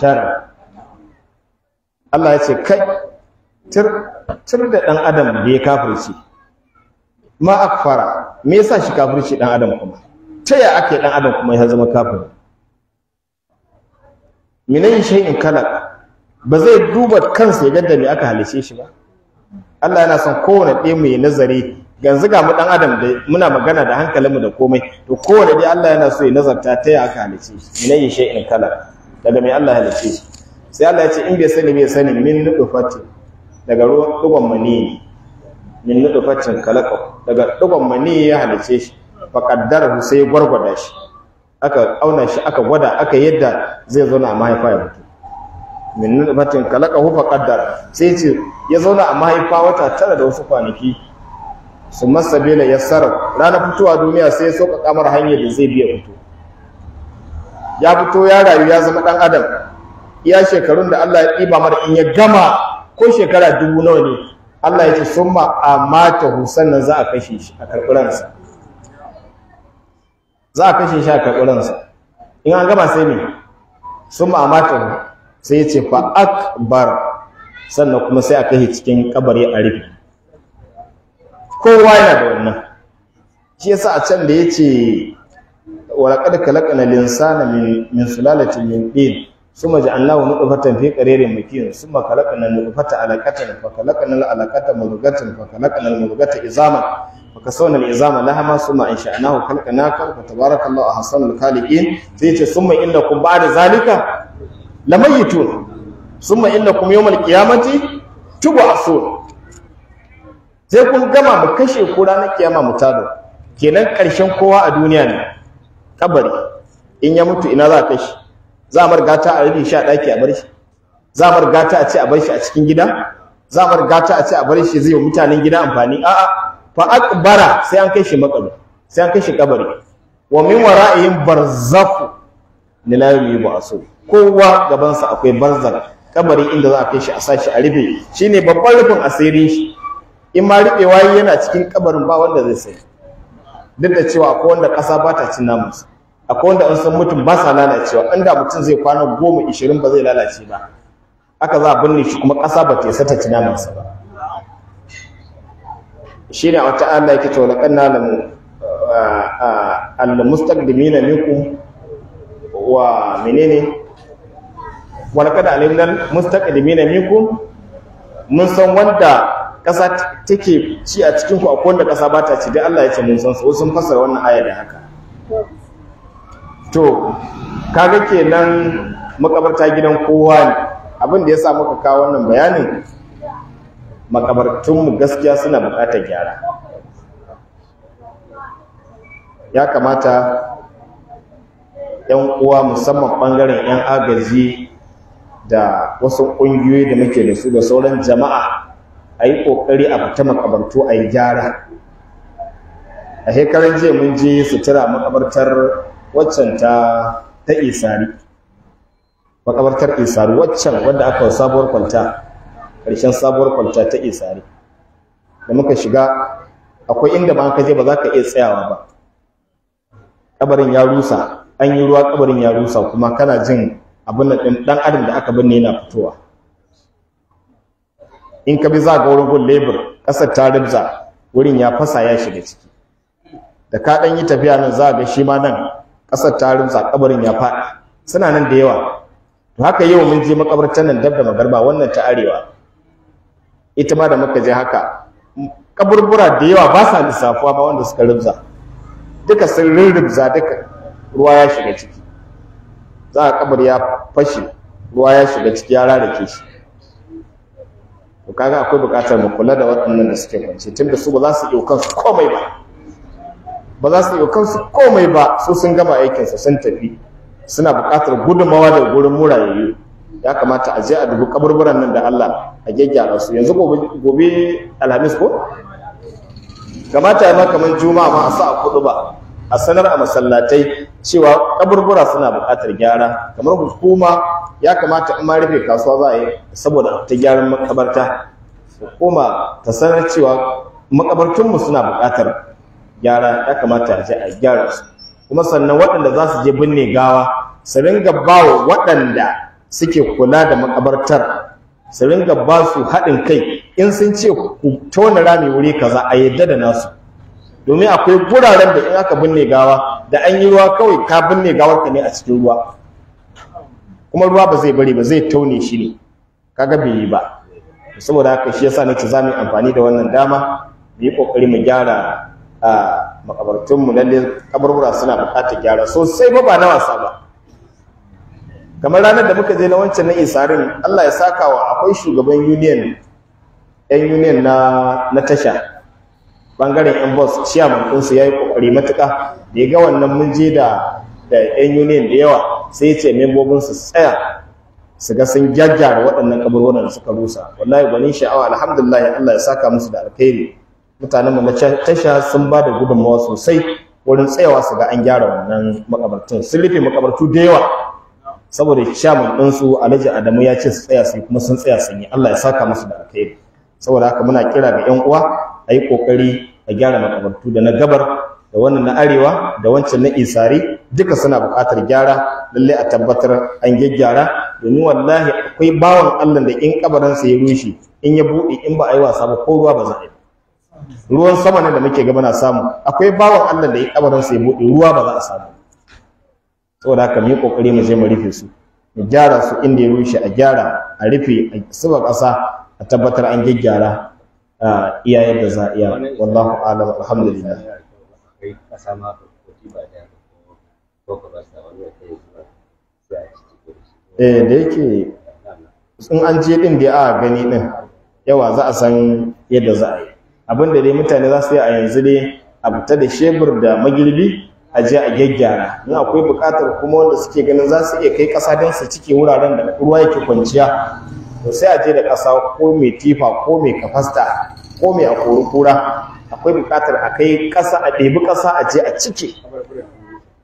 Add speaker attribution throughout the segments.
Speaker 1: shara Allah ya ce kai tir da ɗan adam da ya kafirci ma akfara me yasa shi kafirci ɗan adam kuma ta ya ake ɗan adam kuma ya zama kafiri minan shay'in kala ba zai duba kansa ya gaddame aka halice shi ba Allah yana son kowane ɗaya mai nazari yanzu ga mu ɗan adam da muna magana da hankalinmu da komai to kowane dai Allah yana so ya nazarta ta ya aka halice shi minan shay'in kala daga mai Allah halice sai Allah ya ce in bai sani bai sani min nudufatin daga dugon mani min nudufatin kalaka daga dugon mani ya halice shi Faƙaddar qaddarahu sai gwargwada shi aka auna shi aka gwada aka yadda zai zo na mahaifa ya mutu min nudufatin kalaka hu fa sai ce ya zauna a mahaifa wata tara da wasu kwanaki su masabila yassara ranar fitowa duniya sai ya sauka kamar hanyar da zai biya fito ya fito ya rayu ya zama ɗan adam iya shekarun da Allah ya ba mara in ya gama ko shekara dubu nawa ne Allah ya ce sun ma a mata sannan za a kashe shi a karɓuransa za a kashe shi a karɓuransa in an gama sai ne sun ma a mata sai ya ce fa akbar sannan kuma sai a kashe cikin kabari a rufe kowa yana da wannan shi yasa a can da ya ce walaƙar kalaƙana linsana min sulalatin min ɗin suma ji allahu nuɗu fatan fi ƙarere mukin suma kalaƙana nuɗu fata alaƙatan fa kalaƙana alaƙata mulugatan fa kalaƙana mulugata izaman fa ka sauna izaman na hama suma in sha'ana ku kalaƙana ka ku tabarak allahu a hasan alkaliƙin sai ce suma inda kun ba da zalika la mayyitu suma inda kun ku yawmal qiyamati tubu asul sai kun gama mu kashe ku ranar kiyama mu tado kenan ƙarshen kowa a duniya ne kabari in ya mutu ina za a kai shi za a mar gata a rufe shi a ɗaki a bar shi za a mar gata a ce a bar shi a cikin gida za a mar gata a ce a bar shi zai yi mutanen gida amfani a'a fa akbara sai an kai shi makabari sai an kai shi kabari wa min wara'in barzafu lila yawmi ba'su kowa gaban sa akwai barzak kabari inda za a kai shi a sashi a rufe shine babban rufin asirin shi in ma rubewa yana cikin kabarin ba wanda zai sai duk da cewa akwai wanda ƙasa ba ta cin namansa akwai wanda an san mutum ba sa lalacewa inda mutum zai kwana goma ishirin ba zai lalace ba aka za a binne shi kuma ƙasa ba ta yasa ta cin namansa ba shi ne a wata Allah yake cewa laƙan na al-mustaqdimina minkum wa menene wa laqad alimna al-mustaqdimina minkum mun san wanda ƙasa take ci a cikin ku akwai wanda ƙasa ba ta ci dai Allah ya ce mun san su sun fasar wannan aya da haka to kaga kenan makabarta gidan kowa ne abin da ya sa muka kawo wannan bayanin makabartunmu gaskiya suna buƙatar gyara ya kamata 'yan uwa musamman ɓangaren 'yan agaji da wasu ƙungiyoyi da muke da su da sauran jama'a a yi ƙoƙari a fita makabartu a yi gyara a hekarar jiya mun je sutura makabartar waccan ta ta isari makabartar isari waccan wanda aka yi sabuwar kwanta ƙarshen sabuwar kwanta ta isari da muka shiga akwai inda ba ka je ba za ka iya tsayawa ba kabarin ya rusa an yi ruwa kabarin ya rusa kuma kana jin abin da ɗan adam da aka binne yana fitowa in ka bi za ga wurin gun lebur ƙasar ta ribza wurin ya fasa ya shiga ciki da ka ɗan yi tafiya nan za ga shi ma nan ƙasar ta ribza ƙabarin ya faɗi suna nan da yawa to haka yau mun je makabartar nan dab da magarba wannan ta arewa ita ma da muka je haka ƙaburbura da yawa ba sa lissafuwa ba wanda suka ribza duka sun rirribza duka ruwa ya shiga ciki za a ƙabar ya fashe ruwa ya shiga ciki ya rarrake shi to kaga akwai bukatar mu kula da waɗannan da suke kwance tunda su ba za su iya kansu komai ba ba za su iya kansu komai ba su sun gama aikin su sun tafi suna bukatar gudunmawa da gurin murayayyu ya kamata a je a dubi kaburburan nan da Allah a gyaggyara su yanzu gobe alhamis ko kamata ya ma kamar juma'a ma a sa a kudu ba a sanar a masallatai cewa kaburbura suna buƙatar gyara kamar hukuma ya kamata in ma rufe kasuwa za a yi saboda ta gyaran makabarta hukuma ta sanar cewa makabartunmu suna buƙatar gyara ya kamata a je a gyara su kuma sannan waɗanda za su je binne gawa su ringa ba wa waɗanda suke kula da makabartar su ringa ba su haɗin kai in sun ce ku tona rami wuri kaza a yadda da nasu domin akwai guraren da in aka binne gawa da an yi ruwa kawai ka binne gawar ka ne a cikin ruwa kuma ruwa ba zai bari ba zai taune shi ne kaga bai yi ba saboda haka shi yasa nace zamu amfani da wannan dama mu yi kokari mu gyara a makabartun mu lalle kaburbura suna bukatar gyara sosai ba ba na wasa ba kamar ranar da muka je na wancan na isarin Allah ya saka wa akwai shugaban union yan union na na tasha bangaren yan bus chairman din ya yi kokari matuka da ya ga wannan mun je da da yan union da yawa sai ya ce membobin su tsaya su ga sun gyaggyara waɗannan kaburburan da suka rusa wallahi gwani sha'awa alhamdulillah Allah ya saka musu da alkhairi mutanen mu na tasha sun ba da gudunmawa sosai wurin tsayawa su ga an gyara wannan makabartun sun rufe makabartu da yawa saboda shaman ɗinsu alhaji adamu ya ce su tsaya su kuma sun tsaya sun yi allah ya saka musu da alkhairi saboda haka muna kira ga yan uwa a yi ƙoƙari a gyara makabartu da na gabar da wannan na arewa da wancan na isari duka suna buƙatar gyara lalle a tabbatar an gyaggyara domin wallahi akwai bawan Allah da in kabarinsa ya rushe in ya buɗe in ba a yi wasa ba ko ruwa ba za a yi ruwan sama ne da muke gaba na samu akwai bawan Allah da ya kabarin ya buɗe ruwa ba za a samu saboda haka mu kokari mu je mu rufe su mu gyara su inda ya rushe a gyara a rufe a saba ƙasa a tabbatar an gyaggyara iya yadda za a iya wallahu alam alhamdulillah eh da yake in an je din da a gani din yawa za a san yadda za a yi abinda dai mutane za su yi a yanzu dai a fita da shebur da magirbi a je a gyaggyara in akwai bukatar kuma wanda suke ganin za su iya kai ƙasa don su cike wuraren da ruwa yake kwanciya to sai a je da ƙasa ko mai tifa ko mai kafasta ko mai akori kura akwai buƙatar a kai ƙasa a ɗebi ƙasa a je a cike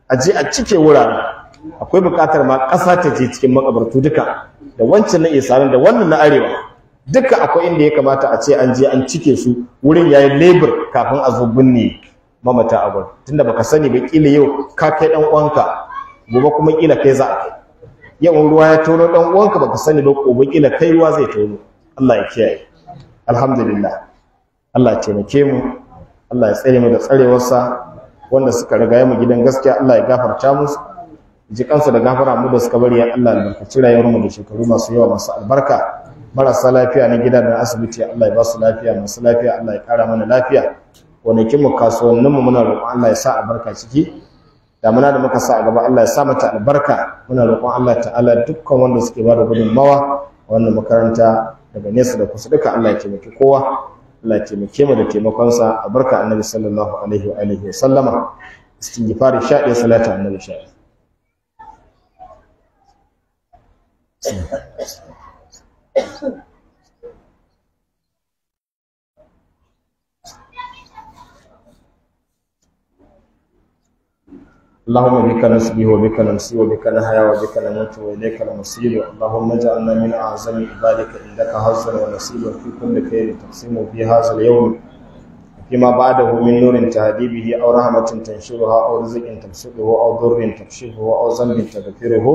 Speaker 1: a je a cike wuraren akwai buƙatar ma ƙasa ta je cikin makabartu duka da wancan na isarin da wannan na arewa duka akwai inda ya kamata a ce an je an cike su wurin yayin lebur kafin a zo binne mamata a gurin tunda baka sani ba kila yau ka kai dan uwanka gobe kuma kila kai za a kai yawan ruwa ya tono dan uwanka baka sani ba ko kila kai ruwa zai tono Allah ya kiyaye alhamdulillah Allah ya taimake mu Allah ya tsare mu da tsarewarsa wanda suka riga mu gidan gaskiya Allah ya gafarta musu ji kansu da gafara mu da suka bari ya Allah albarkaci rayuwar mu da shekaru masu yawa masu albarka marasa lafiya na gida da asibiti Allah ya ba su lafiya masu lafiya Allah ya kara mana lafiya gonakin mu kasuwannin mu muna roƙon Allah ya sa albarka ciki damuna da muka sa a gaba Allah ya sa mata albarka muna roƙon Allah ta'ala dukkan wanda suke ba da gudunmawa a wannan makaranta daga nesa da kusa duka Allah ya taimaki kowa Allah ya taimake mu da taimakonsa a barka annabi sallallahu alaihi wa alihi wa sallama istighfar sha ɗaya salatu annabi sha اللهم بك نسبه وبك نمسي وبك نحيا وبك نموت واليك المصير اللهم اجعلنا من اعظم عبادك عندك حظا ونصيبا في كل خير تقسمه في هذا اليوم فيما بعده من نور تهدي به او رحمه تنشرها او رزق تبسطه او ضر تكشفه او ذنب تغفره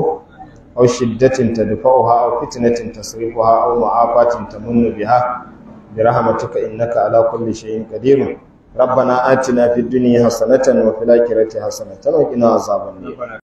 Speaker 1: او شده تدفعها او فتنه تصرفها او معافاه تمن بها برحمتك انك على كل شيء قدير ربنا آتنا في الدنيا حسنة وفي الآخرة حسنة وقنا عذاب النار